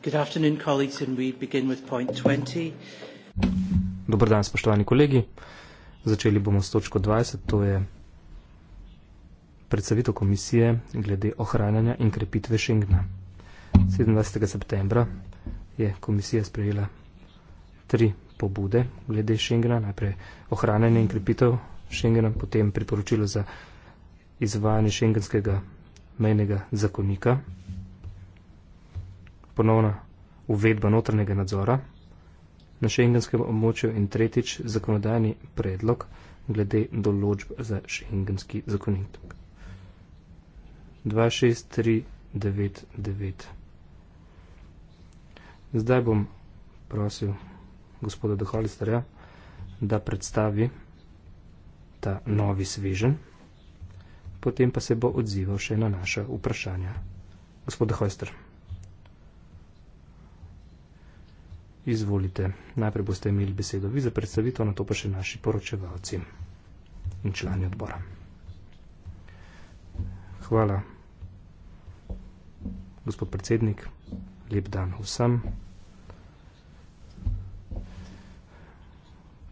Good afternoon, colleagues, and we begin with point 20. Dobar dan, spoštovani kolegi. Začeli bomo s točko 20, to je predstavitev komisije glede ohranjanja in krepitve Schengna. 27. septembra je komisija sprejela tri pobude glede Schengena, najprej ohranjanje in krepitev Schengena, potem priporočilo za izvajanje šengenskega mejnega zakonika ponovna uvedba notranjega nadzora na šengenskem območju in tretjič zakonodajni predlog glede določb za šengenski zakonik. 26399 Zdaj bom prosil gospoda Doholisterja, da predstavi ta novi svežen, potem pa se bo odzival še na naše vprašanja. Gospod Doholister. Izvolite, najprej boste imeli besedo vi za predstavitev, na to pa še naši poročevalci in člani odbora. Hvala, gospod predsednik, lep dan vsem.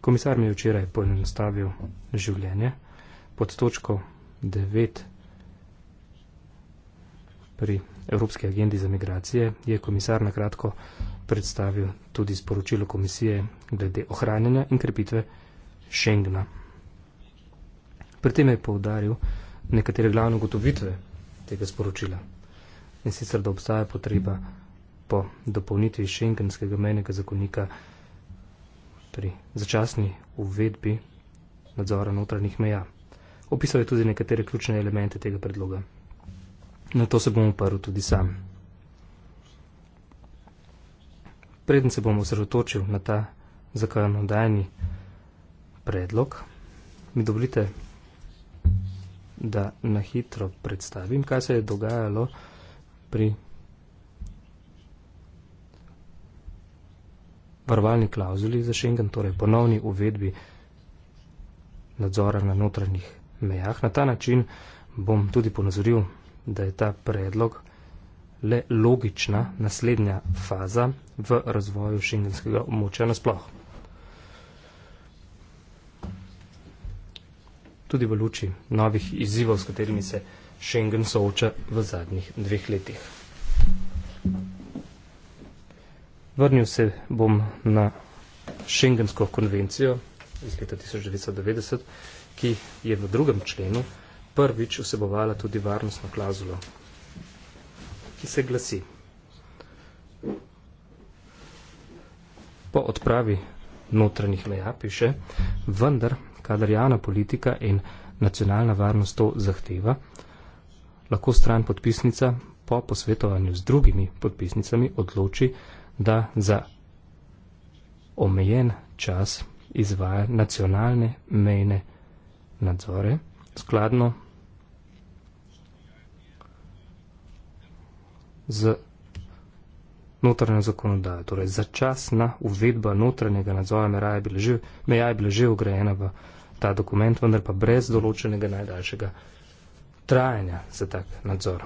Komisar mi je včeraj poenostavil življenje pod točko 9 pri Evropske agendi za migracije je komisar na kratko predstavil tudi sporočilo komisije glede ohranjanja in krepitve Schengna. Pri tem je povdaril nekatere glavne ugotovitve tega sporočila in sicer, da obstaja potreba po dopolnitvi šengenskega menjega zakonika pri začasni uvedbi nadzora notranjih meja. Opisal je tudi nekatere ključne elemente tega predloga. Na to se bom oprl tudi sam. Preden se bom osredotočil na ta zakonodajni predlog, mi dovolite, da na hitro predstavim, kaj se je dogajalo pri varovalni klauzuli za Schengen, torej ponovni uvedbi nadzora na notranjih mejah. Na ta način bom tudi ponazoril da je ta predlog le logična naslednja faza v razvoju šengenskega območja nasploh. Tudi v luči novih izzivov, s katerimi se Schengen sooča v zadnjih dveh letih. Vrnil se bom na Schengensko konvencijo iz leta 1990, ki je v drugem členu prvič vsebovala tudi varnostno klauzulo, ki se glasi. Po odpravi notranjih meja piše, vendar, kadar javna politika in nacionalna varnost to zahteva, lahko stran podpisnica po posvetovanju z drugimi podpisnicami odloči, da za omejen čas izvaja nacionalne mejne nadzore skladno z notranjo zakonodajo. Torej, začasna uvedba notranjega nadzora meja je bila že ugrajena v ta dokument, vendar pa brez določenega najdaljšega trajanja za tak nadzor.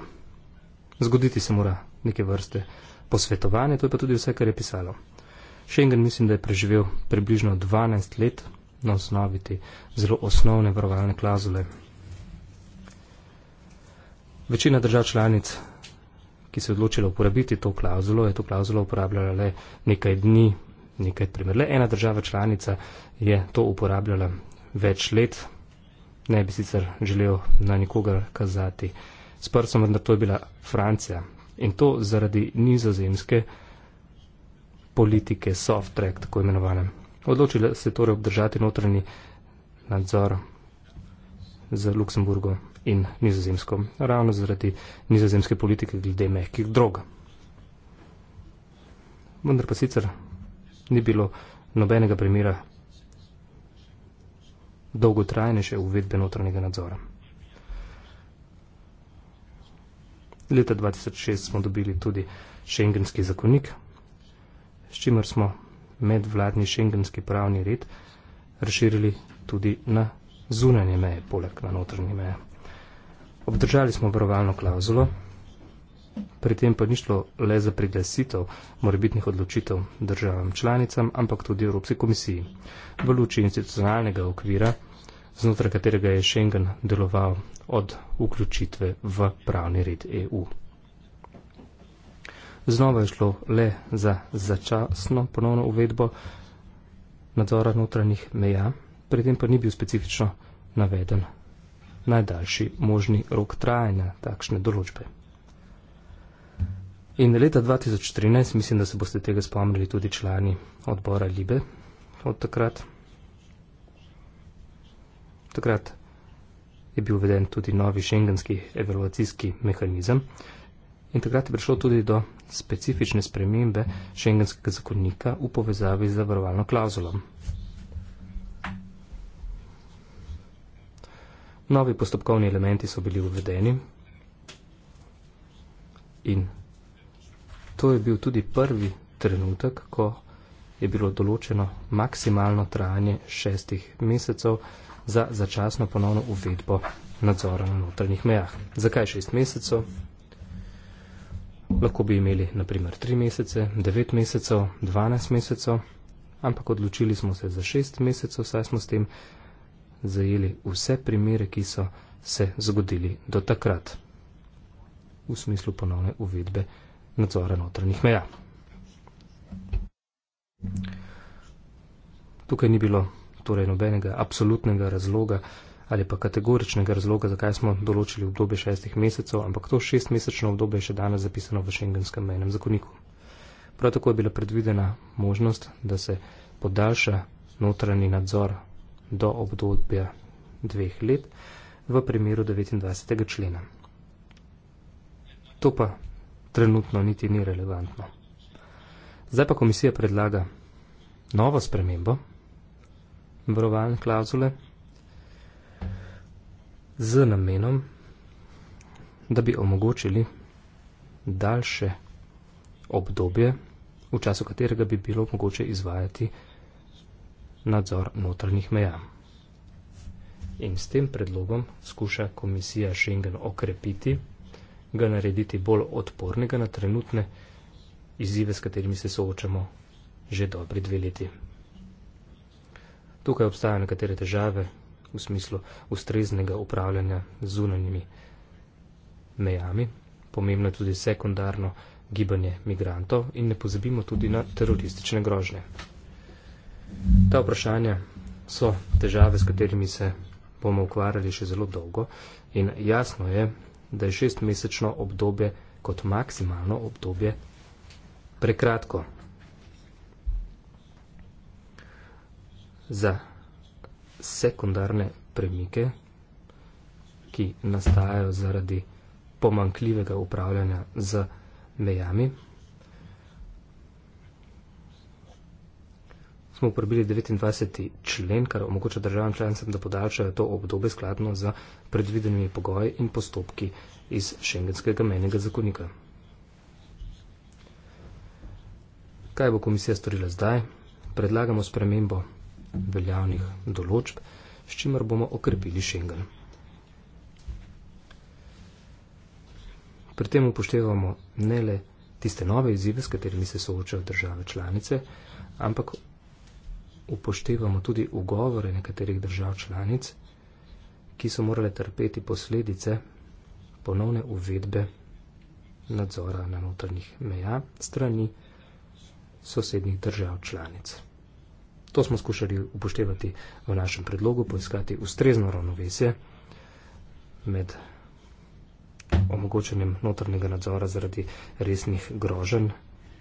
Zgoditi se mora neke vrste posvetovanje, to je pa tudi vse, kar je pisalo. Schengen mislim, da je preživel približno 12 let na osnovi te zelo osnovne varovalne klazule. Večina držav članic ki se je odločila uporabiti to klauzulo, je to klauzulo uporabljala le nekaj dni, nekaj primer. Le ena država članica je to uporabljala več let, ne bi sicer želel na nikogar kazati. S prstom vendar to je bila Francija in to zaradi nizozemske politike soft track, tako imenovane. Odločila se torej obdržati notranji nadzor za Luksemburgo in Nizozemsko, ravno zaradi nizozemske politike glede mehkih drog. Vendar pa sicer ni bilo nobenega primera dolgotrajnejše uvedbe notranjega nadzora. Leta 2006 smo dobili tudi šengenski zakonik, s čimer smo medvladni šengenski pravni red razširili tudi na zunanje meje, poleg na notranje meje. Obdržali smo obrovalno klauzulo, pri tem pa ni šlo le za priglasitev morebitnih odločitev državam članicam, ampak tudi Evropske komisiji. V luči institucionalnega okvira, znotraj katerega je Schengen deloval od vključitve v pravni red EU. Znova je šlo le za začasno ponovno uvedbo nadzora notranjih meja, pri tem pa ni bil specifično naveden najdaljši možni rok trajanja takšne določbe. In leta 2013, mislim, da se boste tega spomnili tudi člani odbora Libe od takrat, takrat je bil uveden tudi novi šengenski evaluacijski mehanizem in takrat je prišlo tudi do specifične spremembe šengenskega zakonnika v povezavi z zavarovalno klauzulom. Novi postopkovni elementi so bili uvedeni in to je bil tudi prvi trenutek, ko je bilo določeno maksimalno trajanje šestih mesecev za začasno ponovno uvedbo nadzora na notranjih mejah. Zakaj šest mesecev? Lahko bi imeli naprimer tri mesece, devet mesecev, dvanajst mesecev, ampak odločili smo se za šest mesecev, saj smo s tem zajeli vse primere, ki so se zgodili do takrat v smislu ponovne uvedbe nadzora notranjih meja. Tukaj ni bilo torej nobenega absolutnega razloga ali pa kategoričnega razloga, zakaj smo določili obdobje šestih mesecev, ampak to šestmesečno obdobje je še danes zapisano v šengenskem menem zakoniku. Prav tako je bila predvidena možnost, da se podaljša notranji nadzor do obdobja dveh let v primeru 29. člena. To pa trenutno niti ni relevantno. Zdaj pa komisija predlaga novo spremembo varovalne klauzule z namenom, da bi omogočili daljše obdobje, v času katerega bi bilo mogoče izvajati nadzor notranjih meja. In s tem predlogom skuša komisija Schengen okrepiti, ga narediti bolj odpornega na trenutne izzive, s katerimi se soočamo že dobri dve leti. Tukaj obstajajo nekatere težave v smislu ustreznega upravljanja zunanjimi mejami. Pomembno je tudi sekundarno gibanje migrantov in ne pozabimo tudi na teroristične grožnje. Ta vprašanja so težave, s katerimi se bomo ukvarjali še zelo dolgo in jasno je, da je šestmesečno obdobje kot maksimalno obdobje prekratko. Za sekundarne premike, ki nastajajo zaradi pomankljivega upravljanja z mejami, smo uporabili 29. člen, kar omogoča državam članicam, da podaljšajo to obdobje skladno z predvidenimi pogoji in postopki iz šengenskega menjega zakonika. Kaj bo komisija storila zdaj? Predlagamo spremembo veljavnih določb, s čimer bomo okrepili šengen. Pri tem upoštevamo ne le tiste nove izzive, s katerimi se soočajo države članice, ampak upoštevamo tudi ugovore nekaterih držav članic, ki so morale trpeti posledice ponovne uvedbe nadzora na notranjih meja strani sosednjih držav članic. To smo skušali upoštevati v našem predlogu, poiskati ustrezno ravnovesje med omogočenjem notranjega nadzora zaradi resnih groženj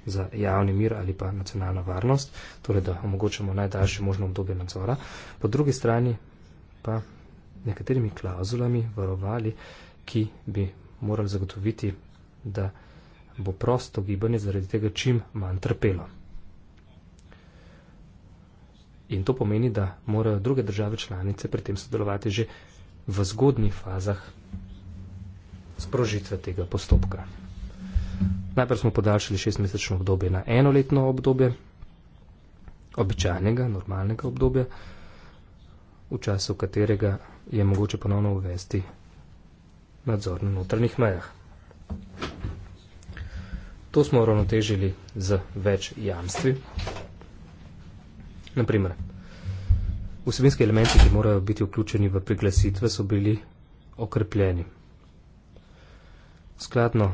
za javni mir ali pa nacionalno varnost, torej da omogočamo najdaljše možno obdobje nadzora, po drugi strani pa nekaterimi klauzulami varovali, ki bi morali zagotoviti, da bo prosto gibanje zaradi tega čim manj trpelo. In to pomeni, da morajo druge države članice pri tem sodelovati že v zgodnih fazah sprožitve tega postopka. Najprej smo podaljšali šestmesečno obdobje na enoletno obdobje, običajnega, normalnega obdobja, v času katerega je mogoče ponovno uvesti nadzor na notranjih mejah. To smo ravnotežili z več jamstvi. Naprimer, vsebinski elementi, ki morajo biti vključeni v priglasitve, so bili okrepljeni. Skladno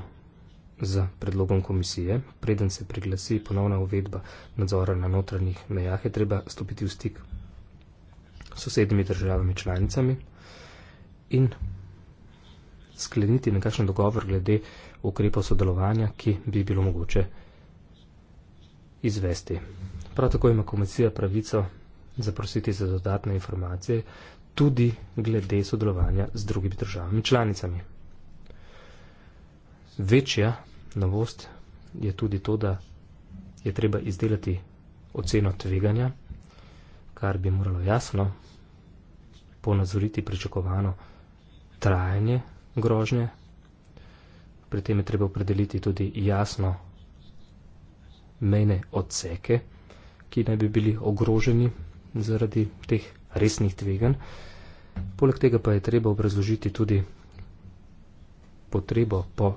z predlogom komisije. Preden se priglasi ponovna uvedba nadzora na notranjih mejah, je treba stopiti v stik s sosednjimi državami članicami in skleniti nekakšen dogovor glede ukrepov sodelovanja, ki bi bilo mogoče izvesti. Prav tako ima komisija pravico zaprositi za dodatne informacije tudi glede sodelovanja z drugimi državami članicami. Večja novost je tudi to, da je treba izdelati oceno tveganja, kar bi moralo jasno ponazoriti pričakovano trajanje grožnje. Pri tem je treba opredeliti tudi jasno mejne odseke, ki naj bi bili ogroženi zaradi teh resnih tveganj. Poleg tega pa je treba obrazložiti tudi potrebo po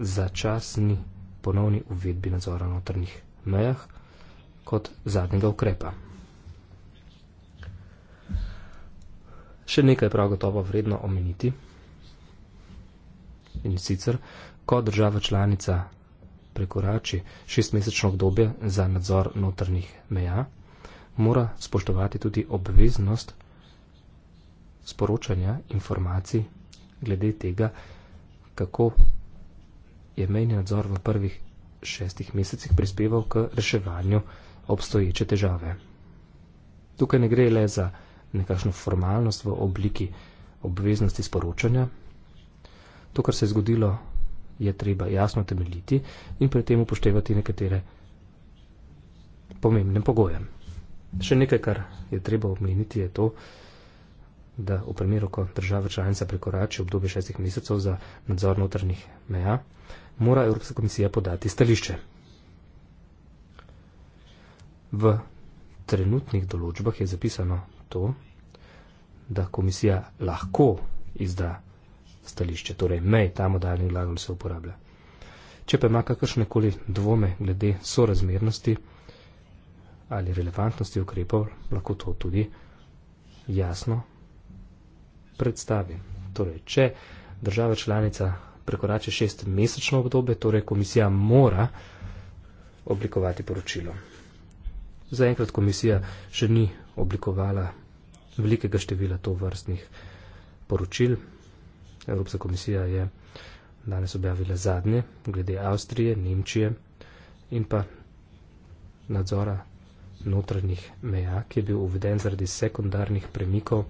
začasni ponovni uvedbi nadzora na notrnih mejah kot zadnjega ukrepa. Še nekaj je prav gotovo vredno omeniti in sicer, ko država članica prekorači šestmesečno obdobje za nadzor notrnih meja, mora spoštovati tudi obveznost sporočanja informacij glede tega, kako je mejni nadzor v prvih šestih mesecih prispeval k reševanju obstoječe težave. Tukaj ne gre le za nekakšno formalnost v obliki obveznosti sporočanja. To, kar se je zgodilo, je treba jasno temeljiti in pri tem upoštevati nekatere pomembne pogoje. Še nekaj, kar je treba omeniti, je to, da v primeru, ko država članica prekorači obdobje šestih mesecev za nadzor notrnih meja, mora Evropska komisija podati stališče. V trenutnih določbah je zapisano to, da komisija lahko izda stališče, torej mej, ta modalni glagol se uporablja. Če pa ima kakršne koli dvome glede sorazmernosti ali relevantnosti ukrepov, lahko to tudi jasno predstavi. Torej, če država članica prekorači šest mesečno obdobje, torej komisija mora oblikovati poročilo. Zaenkrat komisija še ni oblikovala velikega števila to vrstnih poročil. Evropska komisija je danes objavila zadnje glede Avstrije, Nemčije in pa nadzora notranjih meja, ki je bil uveden zaradi sekundarnih premikov,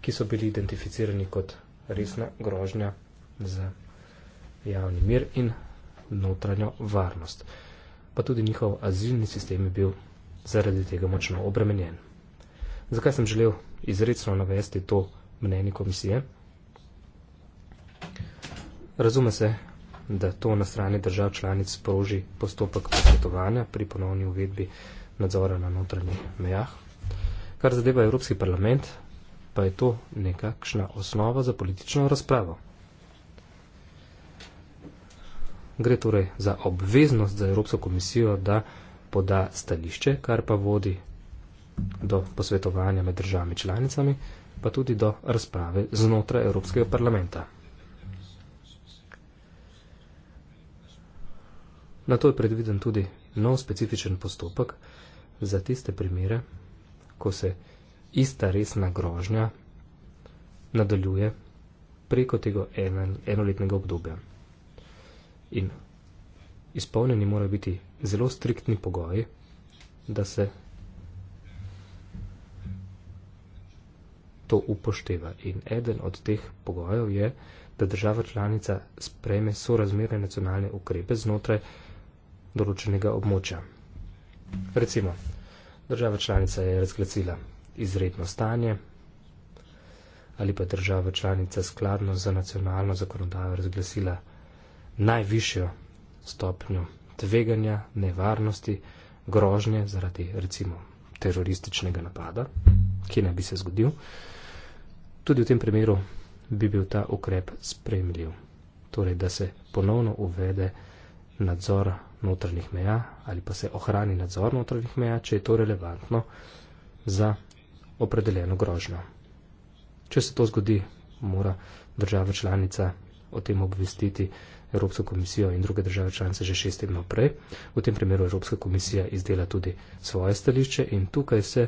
ki so bili identificirani kot resna grožnja za javni mir in notranjo varnost. Pa tudi njihov azilni sistem je bil zaradi tega močno obremenjen. Zakaj sem želel izredno navesti to mnenje komisije? Razume se, da to na strani držav članic sproži postopek posvetovanja pri ponovni uvedbi nadzora na notranjih mejah. Kar zadeva Evropski parlament, pa je to nekakšna osnova za politično razpravo. Gre torej za obveznost za Evropsko komisijo, da poda stališče, kar pa vodi do posvetovanja med državami članicami, pa tudi do razprave znotraj Evropskega parlamenta. Na to je predviden tudi nov specifičen postopek za tiste primere, ko se ista resna grožnja nadaljuje preko tega enoletnega obdobja. In izpolnjeni morajo biti zelo striktni pogoji, da se to upošteva. In eden od teh pogojev je, da država članica sprejme sorazmerne nacionalne ukrepe znotraj določenega območja. Recimo, država članica je razglasila izredno stanje ali pa država članica skladno za nacionalno zakonodajo razglasila izredno stanje najvišjo stopnjo tveganja, nevarnosti, grožnje zaradi recimo terorističnega napada, ki ne bi se zgodil, tudi v tem primeru bi bil ta ukrep spremljiv. Torej, da se ponovno uvede nadzor notranjih meja ali pa se ohrani nadzor notranjih meja, če je to relevantno za opredeljeno grožnjo. Če se to zgodi, mora država članica o tem obvestiti Evropsko komisijo in druge države članice že šest tedno prej. V tem primeru Evropska komisija izdela tudi svoje stališče in tukaj se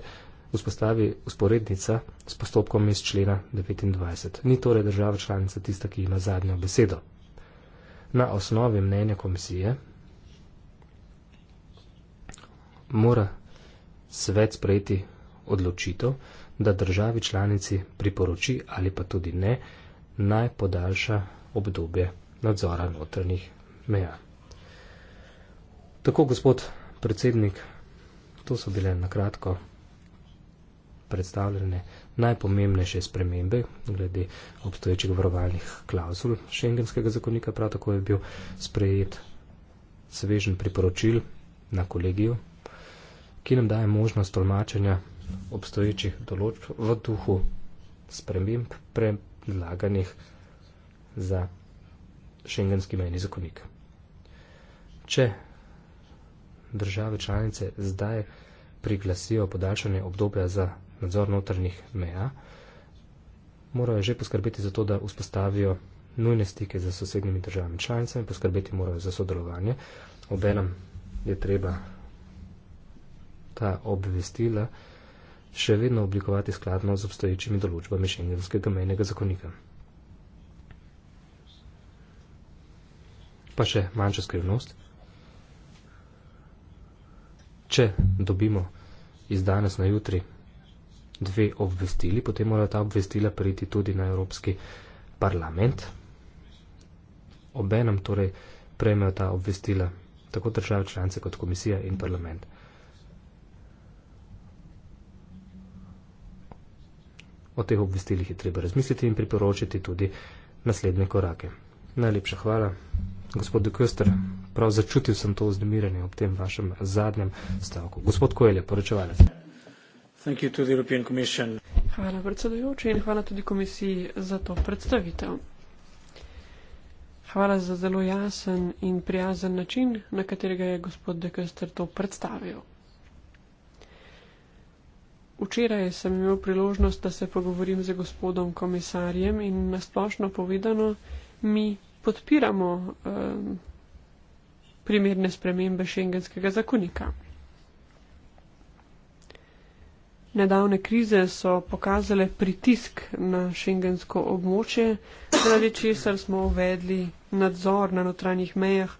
vzpostavi usporednica s postopkom iz člena 29. Ni torej država članica tista, ki ima zadnjo besedo. Na osnovi mnenja komisije mora svet sprejeti odločitev, da državi članici priporoči ali pa tudi ne naj podaljša obdobje nadzora notranjih meja. Tako, gospod predsednik, to so bile na kratko predstavljene najpomembnejše spremembe glede obstoječih varovalnih klauzul šengenskega zakonika. Prav tako je bil sprejet svežen priporočil na kolegiju, ki nam daje možnost tolmačenja obstoječih določb v duhu sprememb predlaganih za šengenski meni zakonik. Če države članice zdaj priglasijo podaljšanje obdobja za nadzor notrnih meja, morajo že poskrbeti za to, da vzpostavijo nujne stike za sosednjimi državami članicami, poskrbeti morajo za sodelovanje. Obenem je treba ta obvestila še vedno oblikovati skladno z obstoječimi določbami šengenskega mejnega zakonika. pa še manjša skrivnost. Če dobimo iz danes na jutri dve obvestili, potem mora ta obvestila priti tudi na Evropski parlament. Obenem torej prejmejo ta obvestila tako države članice kot komisija in parlament. O teh obvestilih je treba razmisliti in priporočiti tudi naslednje korake. Najlepša hvala. Gospod Dekuster, prav začutil sem to vznemirjenje ob tem vašem zadnjem stavku. Gospod Koelje, poročevalec. Hvala predsedujoči in hvala tudi komisiji za to predstavitev. Hvala za zelo jasen in prijazen način, na katerega je gospod Dekester to predstavil. Včeraj sem imel priložnost, da se pogovorim z gospodom komisarjem in nasplošno povedano, mi podpiramo um, primerne spremembe šengenskega zakonika. Nedavne krize so pokazale pritisk na šengensko območje, zaradi česar smo uvedli nadzor na notranjih mejah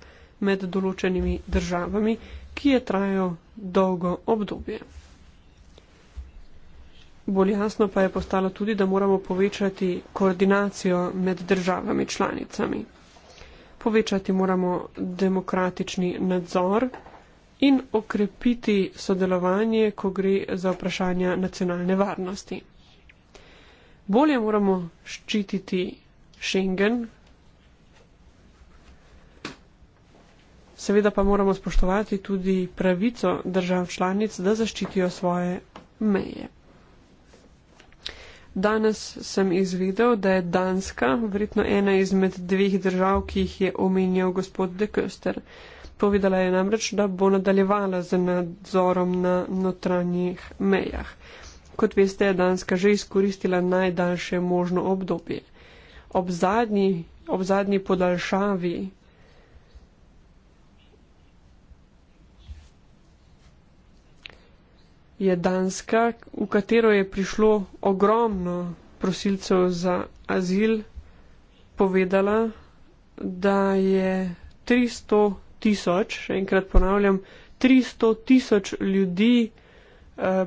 med določenimi državami, ki je trajal dolgo obdobje. Bolj jasno pa je postalo tudi, da moramo povečati koordinacijo med državami članicami povečati moramo demokratični nadzor in okrepiti sodelovanje, ko gre za vprašanja nacionalne varnosti. Bolje moramo ščititi Schengen, seveda pa moramo spoštovati tudi pravico držav članic, da zaščitijo svoje meje. Danes sem izvedel, da je Danska verjetno ena izmed dveh držav, ki jih je omenjal gospod De Köster. Povedala je namreč, da bo nadaljevala z nadzorom na notranjih mejah. Kot veste, je Danska že izkoristila najdaljše možno obdobje. Ob zadnji, ob zadnji podaljšavi je Danska, v katero je prišlo ogromno prosilcev za azil, povedala, da je 300 tisoč, še enkrat ponavljam, 300 tisoč ljudi eh,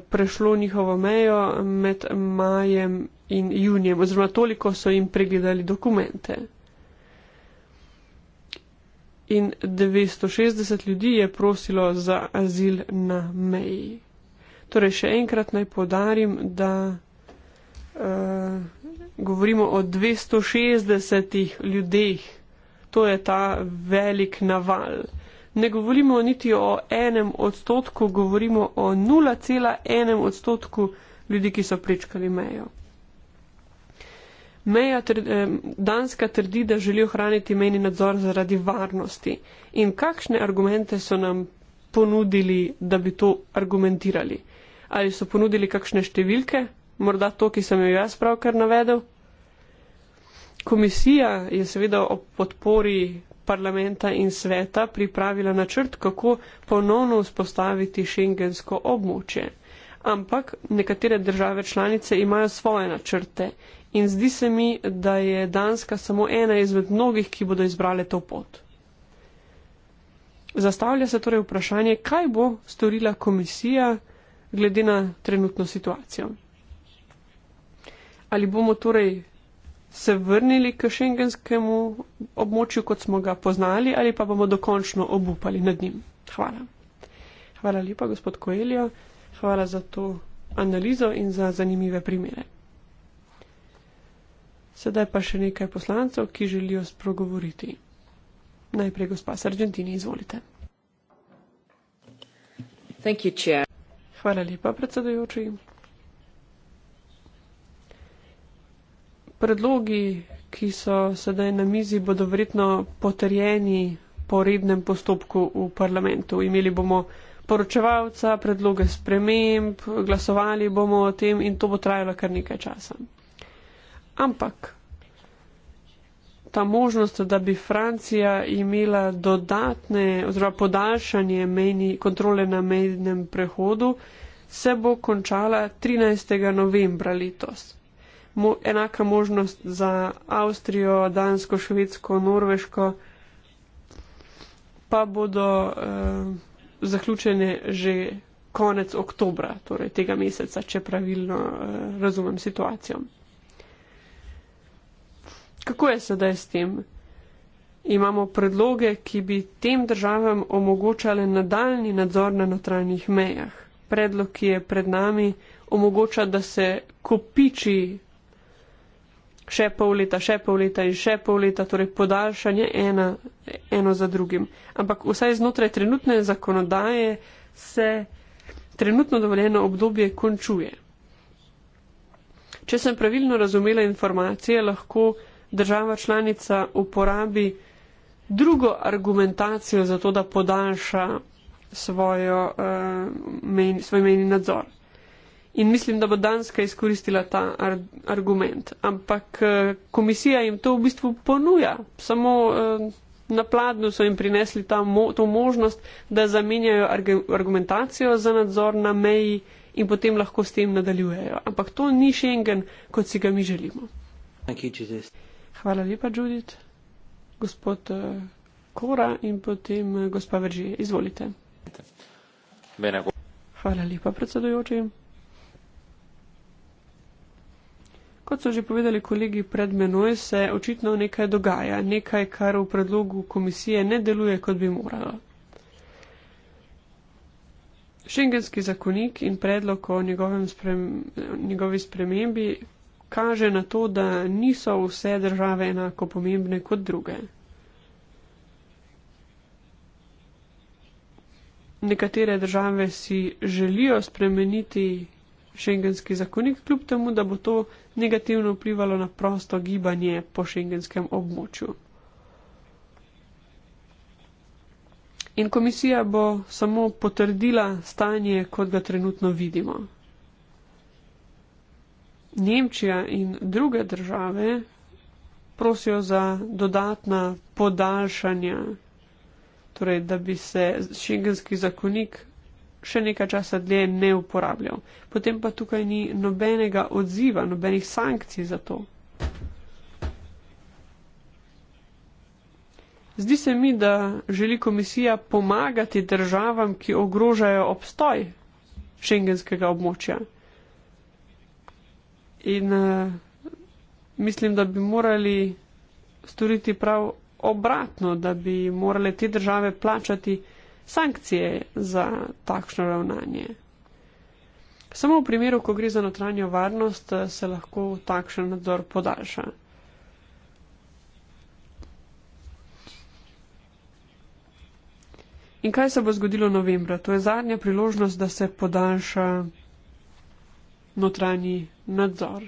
prešlo njihovo mejo med majem in junijem, oziroma toliko so jim pregledali dokumente. In 260 ljudi je prosilo za azil na meji. Torej, še enkrat naj podarim, da uh, govorimo o 260 ljudeh. To je ta velik naval. Ne govorimo niti o enem odstotku, govorimo o 0,1 odstotku ljudi, ki so prečkali mejo. Meja tr eh, Danska trdi, da želi ohraniti meni nadzor zaradi varnosti. In kakšne argumente so nam ponudili, da bi to argumentirali? ali so ponudili kakšne številke, morda to, ki sem jo jaz pravkar navedel. Komisija je seveda ob podpori parlamenta in sveta pripravila načrt, kako ponovno vzpostaviti šengensko območje. Ampak nekatere države članice imajo svoje načrte in zdi se mi, da je Danska samo ena izmed mnogih, ki bodo izbrale to pot. Zastavlja se torej vprašanje, kaj bo storila komisija glede na trenutno situacijo. Ali bomo torej se vrnili k šengenskemu območju, kot smo ga poznali, ali pa bomo dokončno obupali nad njim? Hvala. Hvala lepa, gospod Koeljo. Hvala za to analizo in za zanimive primere. Sedaj pa še nekaj poslancev, ki želijo sprogovoriti. Najprej gospa Sargentini, izvolite. Thank you, Chair. Hvala lepa, predsedujoči. Predlogi, ki so sedaj na mizi, bodo verjetno potrjeni po rednem postopku v parlamentu. Imeli bomo poročevalca, predloge sprememb, glasovali bomo o tem in to bo trajalo kar nekaj časa. Ampak ta možnost, da bi Francija imela dodatne oziroma podaljšanje mejni, kontrole na mejnem prehodu, se bo končala 13. novembra letos. Mo, enaka možnost za Avstrijo, Dansko, Švedsko, Norveško pa bodo eh, zaključene že konec oktobra, torej tega meseca, če pravilno eh, razumem situacijo kako je sedaj s tem? Imamo predloge, ki bi tem državam omogočale nadaljni nadzor na notranjih mejah. Predlog, ki je pred nami, omogoča, da se kopiči še pol leta, še pol leta in še pol leta, torej podaljšanje ena, eno za drugim. Ampak vsaj znotraj trenutne zakonodaje se trenutno dovoljeno obdobje končuje. Če sem pravilno razumela informacije, lahko država članica uporabi drugo argumentacijo za to, da podaljša svojo, uh, eh, mej, svoj mejni nadzor. In mislim, da bo Danska izkoristila ta ar argument. Ampak uh, komisija jim to v bistvu ponuja. Samo uh, na pladnju so jim prinesli mo to možnost, da zamenjajo arg argumentacijo za nadzor na meji in potem lahko s tem nadaljujejo. Ampak to ni Schengen, kot si ga mi želimo. Thank you, Jesus. Hvala lepa, Judith. Gospod eh, Kora in potem eh, gospa Veržije. Izvolite. Hvala lepa, predsedujoči. Kot so že povedali kolegi pred menoj, se očitno nekaj dogaja, nekaj, kar v predlogu komisije ne deluje, kot bi moralo. Šengenski zakonik in predlog o sprem, njegovi spremembi kaže na to, da niso vse države enako pomembne kot druge. Nekatere države si želijo spremeniti šengenski zakonik, kljub temu, da bo to negativno vplivalo na prosto gibanje po šengenskem območju. In komisija bo samo potrdila stanje, kot ga trenutno vidimo. Nemčija in druge države prosijo za dodatna podaljšanja, torej da bi se šengenski zakonik še nekaj časa dlje ne uporabljal. Potem pa tukaj ni nobenega odziva, nobenih sankcij za to. Zdi se mi, da želi komisija pomagati državam, ki ogrožajo obstoj šengenskega območja. In uh, mislim, da bi morali storiti prav obratno, da bi morale te države plačati sankcije za takšno ravnanje. Samo v primeru, ko gre za notranjo varnost, eh, se lahko takšen nadzor podaljša. In kaj se bo zgodilo novembra? To je zadnja priložnost, da se podaljša notranji nadzor.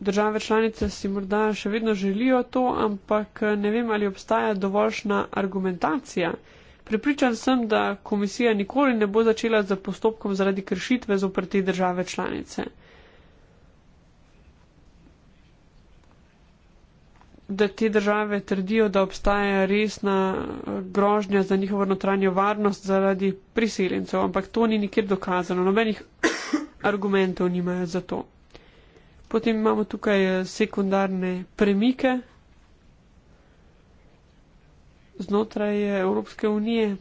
Države članice si morda še vedno želijo to, ampak ne vem, ali obstaja dovoljšna argumentacija. Pripričan sem, da komisija nikoli ne bo začela za postopkom zaradi kršitve zoprti države članice. da te države trdijo, da obstaja resna grožnja za njihovo notranjo varnost zaradi priseljencev, ampak to ni nikjer dokazano, nobenih argumentov nimajo za to. Potem imamo tukaj eh, sekundarne premike znotraj eh, Evropske unije,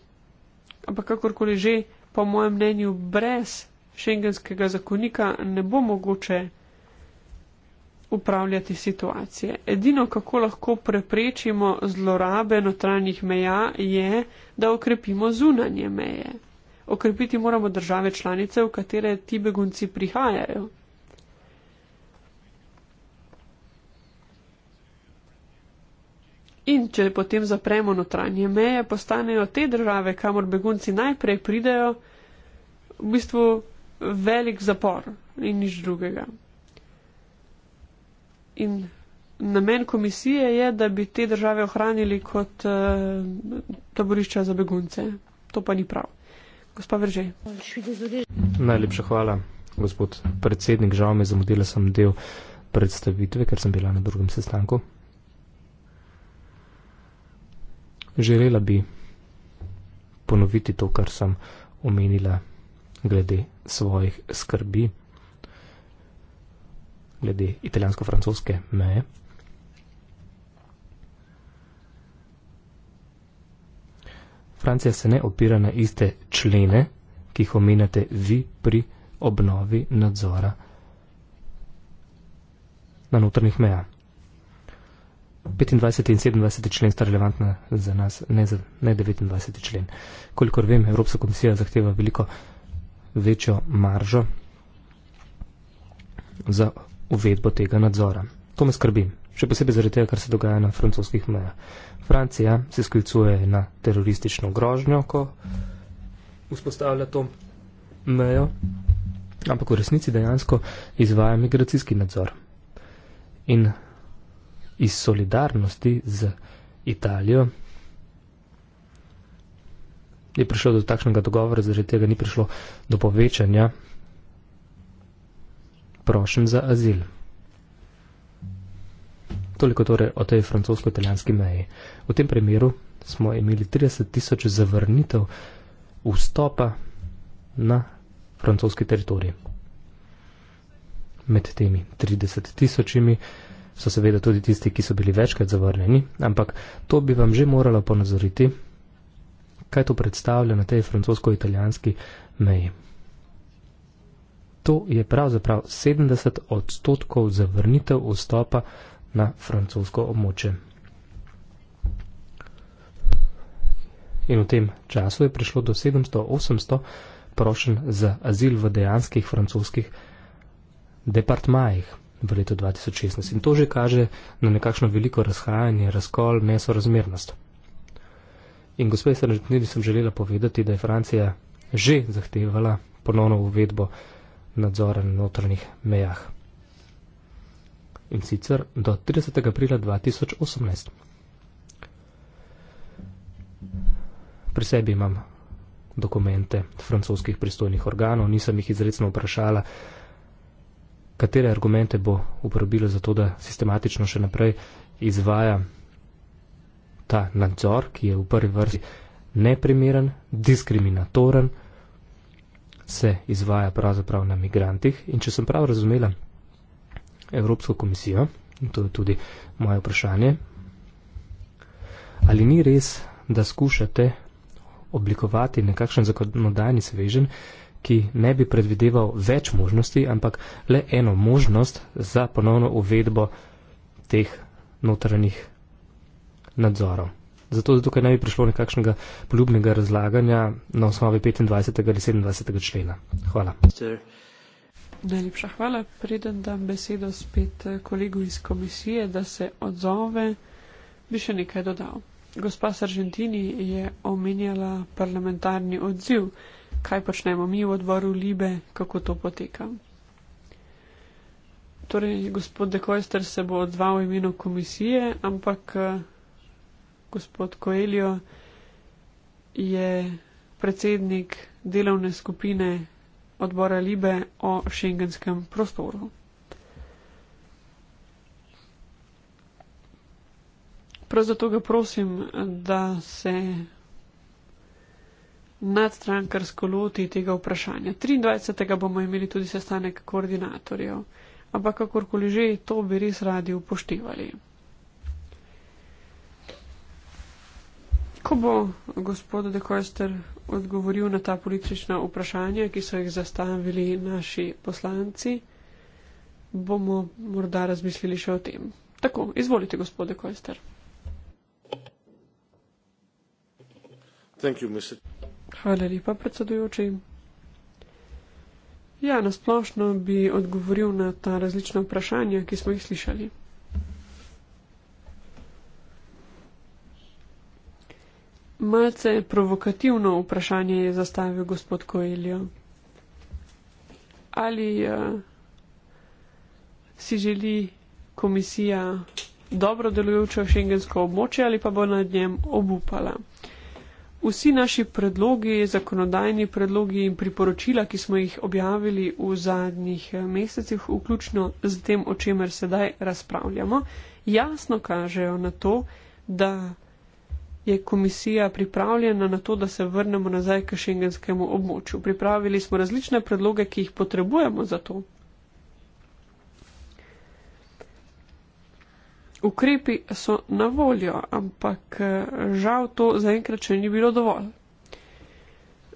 ampak kakorkoli že, po mojem mnenju, brez šengenskega zakonika ne bo mogoče upravljati situacije. Edino, kako lahko preprečimo zlorabe notranjih meja, je, da okrepimo zunanje meje. Okrepiti moramo države članice, v katere ti begunci prihajajo. In če potem zapremo notranje meje, postanejo te države, kamor begunci najprej pridejo, v bistvu velik zapor in nič drugega. In namen komisije je, da bi te države ohranili kot uh, taborišča za begunce. To pa ni prav. Gospa Vržej. Najlepša hvala, gospod predsednik. Žal me zamudila sem del predstavitve, ker sem bila na drugem sestanku. Želela bi ponoviti to, kar sem omenila glede svojih skrbi glede italijansko-francoske meje. Francija se ne opira na iste člene, ki jih omenjate vi pri obnovi nadzora na notrnih meja. 25. in 27. člen sta relevantna za nas, ne, za, ne 29. člen. Kolikor vem, Evropska komisija zahteva veliko večjo maržo za uvedbo tega nadzora. To me skrbi, še posebej zaradi tega, kar se dogaja na francoskih mejah. Francija se sklicuje na teroristično grožnjo, ko vzpostavlja to mejo, ampak v resnici dejansko izvaja migracijski nadzor. In iz solidarnosti z Italijo. Je prišlo do takšnega dogovora, zaradi tega ni prišlo do povečanja prošen za azil. Toliko torej o tej francosko-italijanski meji. V tem primeru smo imeli 30 tisoč zavrnitev vstopa na francoski teritorij. Med temi 30 tisočimi so seveda tudi tisti, ki so bili večkrat zavrnjeni, ampak to bi vam že moralo ponazoriti, kaj to predstavlja na tej francosko-italijanski meji. To je pravzaprav 70 odstotkov zavrnitev vstopa na francosko območje. In v tem času je prišlo do 700-800 prošen za azil v dejanskih francoskih departmajih v letu 2016. In to že kaže na nekakšno veliko razhajanje, razkol, nesorazmernost. In gospod Sržetnili sem želela povedati, da je Francija že zahtevala ponovno uvedbo nadzora na notranjih mejah. In sicer do 30. aprila 2018. Pri sebi imam dokumente francoskih pristojnih organov, nisem jih izrecno vprašala, katere argumente bo uporabila za to, da sistematično še naprej izvaja ta nadzor, ki je v prvi vrsti neprimeren, diskriminatoren, se izvaja pravzaprav na migrantih. In če sem prav razumela Evropsko komisijo, in to je tudi moje vprašanje, ali ni res, da skušate oblikovati nekakšen zakonodajni svežen, ki ne bi predvideval več možnosti, ampak le eno možnost za ponovno uvedbo teh notranjih nadzorov zato da tukaj ne bi prišlo nekakšnega poljubnega razlaganja na osnovi 25. ali 27. člena. Hvala. Najlepša hvala. Preden dam besedo spet eh, kolegu iz komisije, da se odzove, bi še nekaj dodal. Gospa Sargentini je omenjala parlamentarni odziv. Kaj počnemo mi v odboru Libe, kako to poteka? Torej, gospod Dekojster se bo odzval v imenu komisije, ampak eh, gospod Koeljo je predsednik delovne skupine odbora Libe o šengenskem prostoru. Prav zato ga prosim, da se nadstrankarsko loti tega vprašanja. 23. bomo imeli tudi sestanek koordinatorjev, ampak kakorkoli že, to bi res radi upoštevali. Ko bo gospod De Koester odgovoril na ta politična vprašanja, ki so jih zastavili naši poslanci, bomo morda razmislili še o tem. Tako, izvolite, gospod De Koester. Hvala lepa, predsedujoči. Ja, nasplošno bi odgovoril na ta različna vprašanja, ki smo jih slišali. Malce provokativno vprašanje je zastavil gospod Koeljo. Ali uh, si želi komisija dobro delujočo šengensko območje ali pa bo nad njem obupala? Vsi naši predlogi, zakonodajni predlogi in priporočila, ki smo jih objavili v zadnjih eh, mesecih, vključno z tem, o čemer sedaj razpravljamo, jasno kažejo na to, da je komisija pripravljena na to, da se vrnemo nazaj k šengenskemu območju. Pripravili smo različne predloge, ki jih potrebujemo za to. Ukrepi so na voljo, ampak eh, žal to zaenkrat še ni bilo dovolj.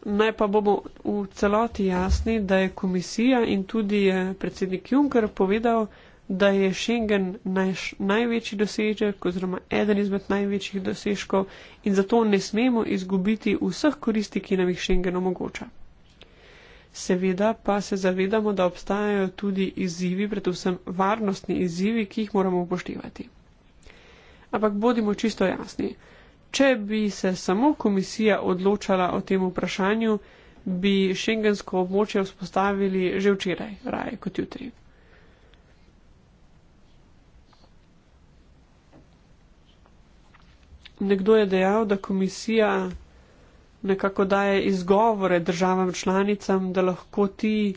Naj pa bomo v celoti jasni, da je komisija in tudi eh, predsednik Juncker povedal, da da je Schengen naš največji dosežek oziroma eden izmed največjih dosežkov in zato ne smemo izgubiti vseh koristi, ki nam jih Schengen omogoča. Seveda pa se zavedamo, da obstajajo tudi izzivi, predvsem varnostni izzivi, ki jih moramo upoštevati. Ampak bodimo čisto jasni. Če bi se samo komisija odločala o tem vprašanju, bi šengensko območje vzpostavili že včeraj, raje kot jutri. Nekdo je dejal, da komisija nekako daje izgovore državam članicam, da lahko ti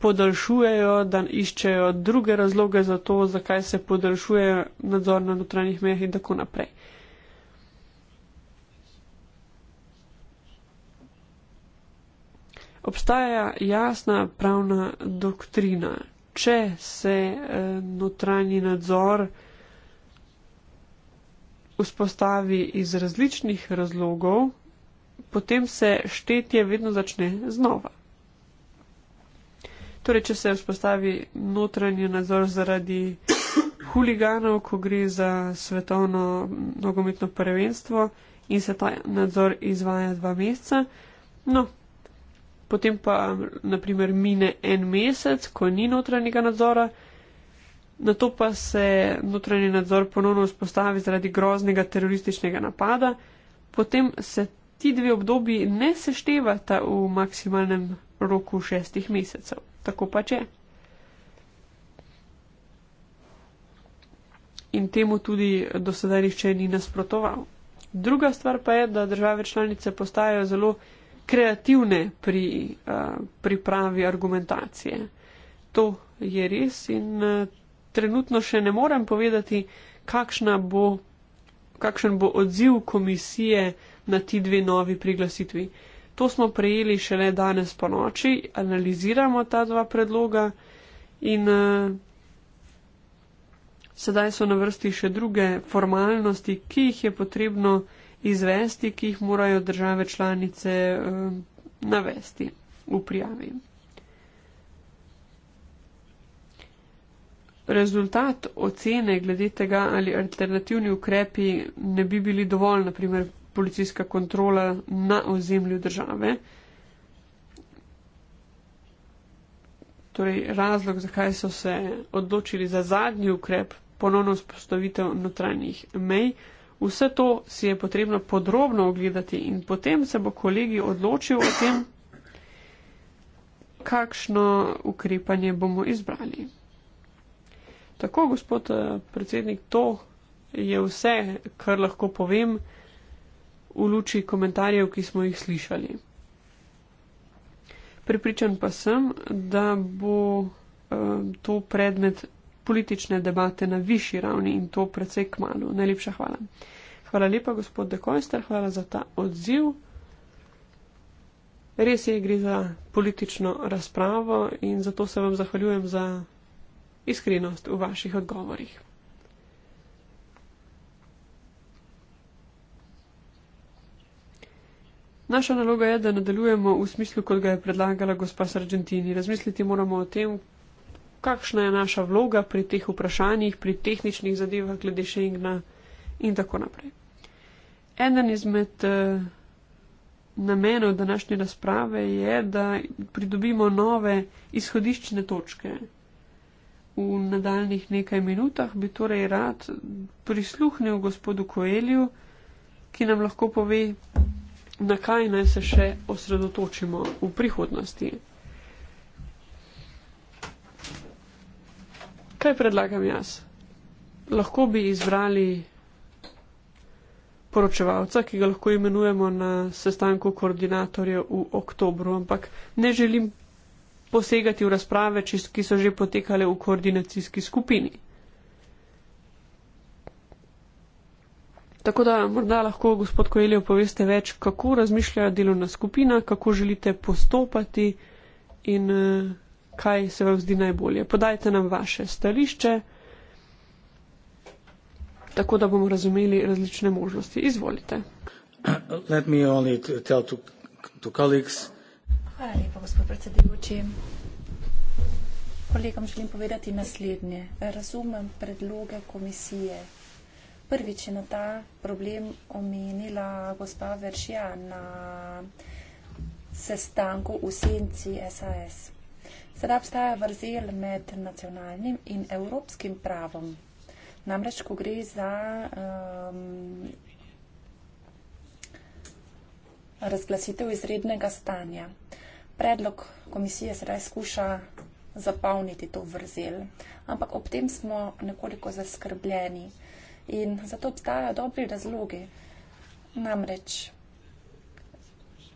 podaljšujejo, da iščejo druge razloge za to, zakaj se podaljšuje nadzor na notranjih mejah in tako naprej. Obstaja jasna pravna doktrina. Če se eh, notranji nadzor vzpostavi iz različnih razlogov, potem se štetje vedno začne znova. Torej, če se vzpostavi notranji nadzor zaradi huliganov, ko gre za svetovno nogometno prvenstvo in se ta nadzor izvaja dva meseca, no, potem pa naprimer mine en mesec, ko ni notranjega nadzora, Na to pa se notranji nadzor ponovno vzpostavi zaradi groznega terorističnega napada, potem se ti dve obdobji ne seštevata v maksimalnem roku šestih mesecev. Tako pa če. In temu tudi dosedaj nišče ni nasprotoval. Druga stvar pa je, da države članice postajajo zelo kreativne pri uh, pripravi argumentacije. To je res in. Uh, trenutno še ne morem povedati, bo, kakšen bo odziv komisije na ti dve novi priglasitvi. To smo prejeli šele danes po noči, analiziramo ta dva predloga in uh, sedaj so na vrsti še druge formalnosti, ki jih je potrebno izvesti, ki jih morajo države članice uh, navesti v prijavi. rezultat ocene glede tega, ali alternativni ukrepi ne bi bili dovolj, naprimer policijska kontrola na ozemlju države. Torej, razlog, zakaj so se odločili za zadnji ukrep, ponovno spostavitev notranjih mej, vse to si je potrebno podrobno ogledati in potem se bo kolegi odločil o tem, kakšno ukrepanje bomo izbrali. Tako, gospod eh, predsednik, to je vse, kar lahko povem v luči komentarjev, ki smo jih slišali. Pripričan pa sem, da bo eh, to predmet politične debate na višji ravni in to precej k malu. Najlepša hvala. Hvala lepa, gospod Dekojster, hvala za ta odziv. Res je, gre za politično razpravo in zato se vam zahvaljujem za iskrenost v vaših odgovorih. Naša naloga je, da nadaljujemo v smislu, kot ga je predlagala gospa Sargentini. Razmisliti moramo o tem, kakšna je naša vloga pri teh vprašanjih, pri tehničnih zadevah glede Schengna in tako naprej. Eden izmed eh, namenov današnje razprave je, da pridobimo nove izhodiščne točke V nadaljnih nekaj minutah bi torej rad prisluhnil gospodu Koelju, ki nam lahko pove, na kaj naj se še osredotočimo v prihodnosti. Kaj predlagam jaz? Lahko bi izbrali poročevalca, ki ga lahko imenujemo na sestanku koordinatorjev v oktobru, ampak ne želim posegati v razprave, ki so že potekale v koordinacijski skupini. Tako da morda lahko gospod Koeljo poveste več, kako razmišlja delovna skupina, kako želite postopati in eh, kaj se vam zdi najbolje. Podajte nam vaše stališče, tako da bomo razumeli različne možnosti. Izvolite. Uh, let me only tell to, to colleagues. Hvala lepa, gospod predsedujoči. Kolegom želim povedati naslednje. Razumem predloge komisije. Prvič je na ta problem omenila gospa Veršija na sestanku v senci SAS. Sedaj obstaja vrzel med nacionalnim in evropskim pravom. Namreč, ko gre za um, razglasitev izrednega stanja predlog komisije sedaj skuša zapolniti to vrzel. Ampak ob tem smo nekoliko zaskrbljeni in zato obstajajo dobri razlogi. Namreč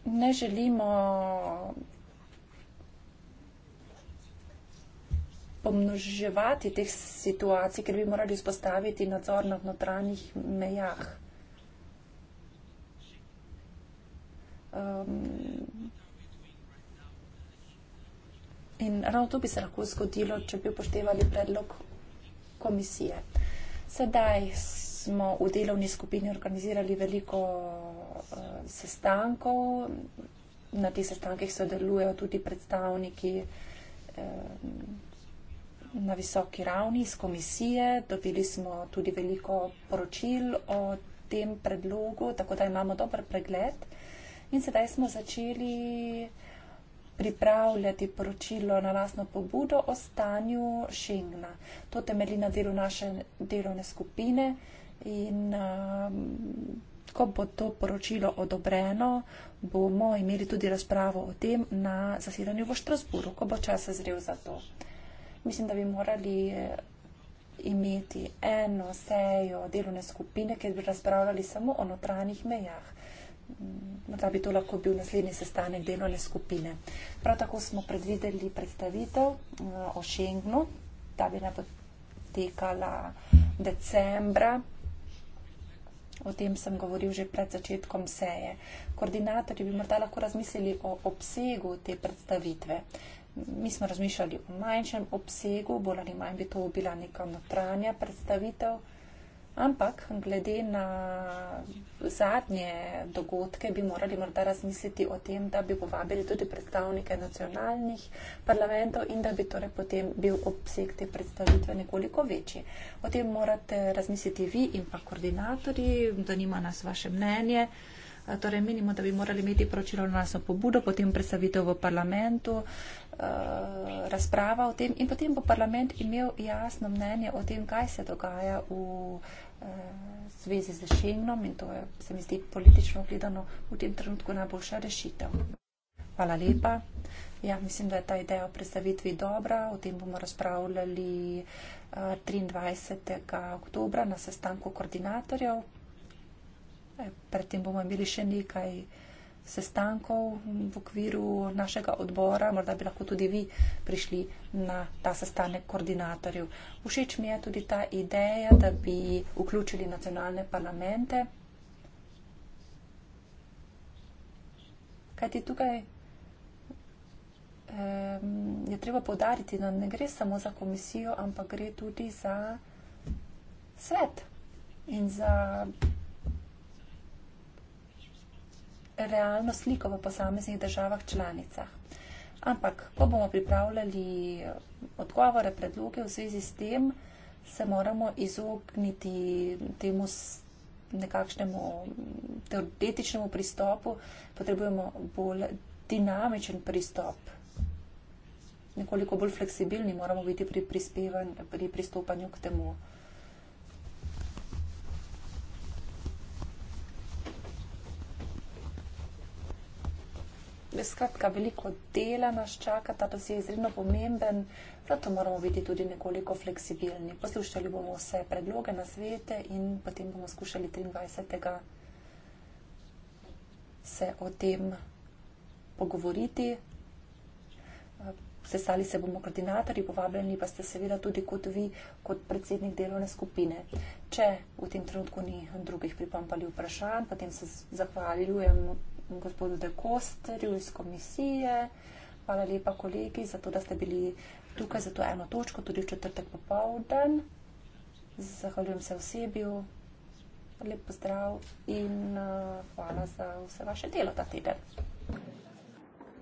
ne želimo pomnoževati teh situacij, ker bi morali vzpostaviti nadzor na notranjih mejah. Um, In ravno to bi se lahko zgodilo, če bi upoštevali predlog komisije. Sedaj smo v delovni skupini organizirali veliko uh, sestankov. Na teh sestankih sodelujejo tudi predstavniki eh, na visoki ravni iz komisije. Dobili smo tudi veliko poročil o tem predlogu, tako da imamo dober pregled. In sedaj smo začeli uh, pripravljati poročilo na lastno pobudo o stanju Šengna. To temelji na delu naše delovne skupine in uh, ko bo to poročilo odobreno, bomo imeli tudi razpravo o tem na zasedanju v Štrasburu, ko bo čas zrel za to. Mislim, da bi morali eh, imeti eno sejo delovne skupine, kjer bi razpravljali samo o notranjih mejah morda bi to lahko bil naslednji sestanek delovne skupine. Prav tako smo predvideli predstavitev eh, o Schengnu, ta bi ne potekala decembra. O tem sem govoril že pred začetkom seje. Koordinatorji bi morda lahko razmislili o obsegu te predstavitve. Mi smo razmišljali o manjšem obsegu, bolj ali manj bi to bila neka notranja predstavitev. Ampak glede na zadnje dogodke bi morali morda razmisliti o tem, da bi povabili tudi predstavnike nacionalnih parlamentov in da bi torej potem bil obseg te predstavitve nekoliko večji. O tem morate razmisliti vi in pa koordinatorji, zanima nas vaše mnenje. Torej, menimo, da bi morali imeti poročilo na naso pobudo, potem predstavitev v parlamentu, razprava o tem in potem bo parlament imel jasno mnenje o tem, kaj se dogaja v zvezi z Schengenom in to je, se mi zdi, politično gledano v tem trenutku najboljša rešitev. Hvala lepa. Ja, mislim, da je ta ideja o predstavitvi dobra. O tem bomo razpravljali 23. oktobra na sestanku koordinatorjev. Predtem bomo imeli še nekaj sestankov v okviru našega odbora, morda bi lahko tudi vi prišli na ta sestanek koordinatorjev. Všeč mi je tudi ta ideja, da bi vključili nacionalne parlamente. Kajti tukaj je treba povdariti, da ne gre samo za komisijo, ampak gre tudi za svet in za realno sliko v posameznih državah članicah. Ampak, ko bomo pripravljali eh, odgovore, predloge v zvezi s tem, se moramo izogniti temu nekakšnemu teoretičnemu pristopu, potrebujemo bolj dinamičen pristop, nekoliko bolj fleksibilni moramo biti pri, pri pristopanju k temu. Torej, skratka, veliko dela nas čaka, ta pas je izredno pomemben, zato moramo biti tudi nekoliko fleksibilni. Poslušali bomo vse predloge na svete in potem bomo skušali 23. se o tem pogovoriti. Sestali se bomo koordinatorji, povabljeni pa ste seveda tudi kot vi, kot predsednik delovne skupine. Če v tem trenutku ni drugih pripampali vprašanj, potem se zahvaljujem gospodu De Kosterju iz komisije. Hvala lepa, kolegi, za to, da ste bili tukaj za to eno točko, tudi v četrtek popovdan. Zahvaljujem se osebju. Lep pozdrav in uh, hvala za vse vaše delo ta teden.